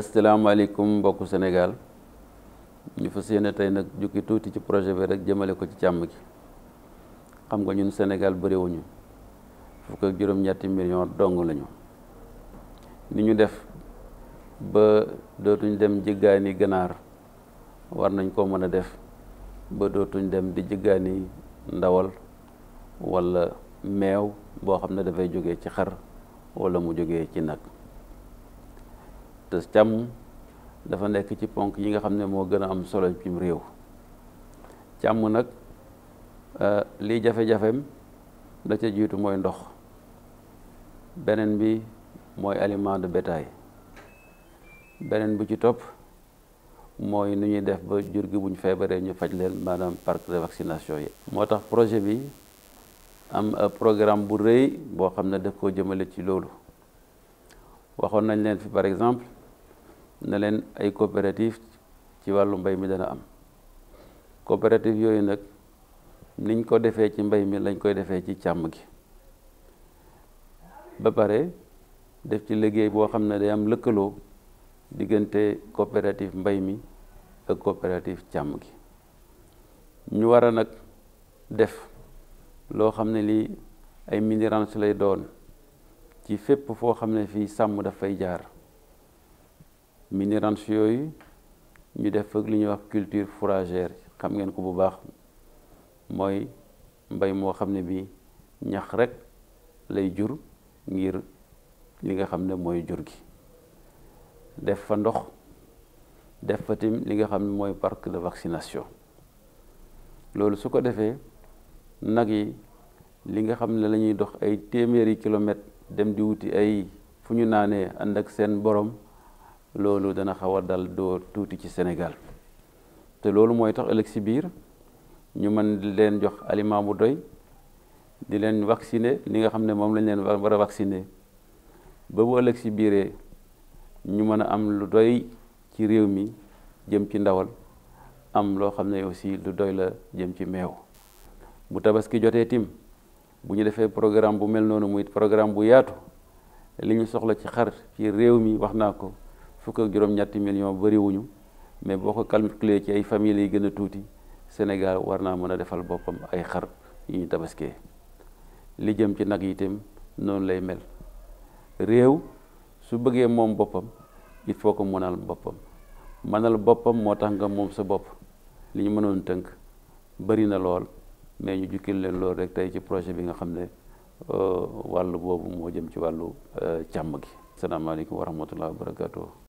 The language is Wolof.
asalaamaaleykum mbokku Sénégal ñu fas yéene tey nag jukki tuuti ci projet bi rek jëmale ko ci càmm gi xam nga ñun Sénégal bëriwuñu fukk ak juróom-ñetti million dong lañu ni ñu def ba dootuñ dem jëggaani ganaar war nañ koo mën a def ba dootuñ dem di jëggaani ndawal walla meew boo xam ne dafay jóge ci xar walla mu jóge ci nag te càmm dafa nekk ci ponk yi nga xam ne moo gën a am solo cim réew càmm nag euh, lii jafe-jafeem da ca jiitu mooy ndox beneen bi mooy aliment de bétail beneen bu ci topp mooy nu ñuy def ba jur gi buñ feebaree ñu faj leen maanaam parc de vaccination yi. moo tax projet bi am euh, programme bu rëy boo xam ne def koo jëmale ci loolu waxoon nañ leen fi par exemple. ne leen ay coopérative ci wàllu mbay mi dana am coopérative yooyu nag niñ ko defee ci mbay mi lañ koy defee ci càmm gi ba pare def ci liggéey boo xam ne day am lëkkaloo diggante coopérative mbay mi ak coopérative càmm gi ñu war a nag def loo xam ne lii ay minérance lay doon ci fépp foo xam ne fii sàmm dafay jaar mini ranch yooyu ñu def ak li ñuy wax culture fourragère xam ngeen ko bu baax mooy mbay moo xam ne bi ñax rek lay jur ngir li nga xam ne mooy jur gi def fa ndox def fa tim li nga xam ne mooy parc de vaccination loolu su ko defee nag yi li nga xam ne lañuy dox ay téeméeri kilomètres dem di wuti ay fu ñu naanee ànd ak seen borom loolu dana xaw a dal doo tuuti ci Sénégal te loolu mooy tax ëllëg si biir ñu mën leen jox aliment bu doy di leen vacciner li nga xam ne moom lañ leen war a vacciner ba bu ëllëg si biiree ñu mën a am lu doy ci réew mi jëm ci ndawal am loo xam ne aussi lu doy la jëm ci meew bu tabaski jotee tim bu ñu defee programme bu mel noonu muy programme bu yaatu li ñu soxla ci xar ci réew mi wax naa ko fukk ak juróom-ñetti million bëriwuñu mais boo ko calculé ci ay famille yi gën a tuuti Sénégal war naa mën a defal boppam ay xar yu ñu tabaskee li jëm ci nag yi itam noonu lay mel réew su bëggee moom boppam il faut ko mënal boppam mënal boppam moo tax nga moom sa bopp li ñu mënoon tënk bari na lool mais ñu jukkil leen lool rek tey ci projet bi nga xam ne euh, wàll boobu moo jëm ci wàllu euh, càmm gi. salaamaaleykum wa rahmatulah wa barakaatu.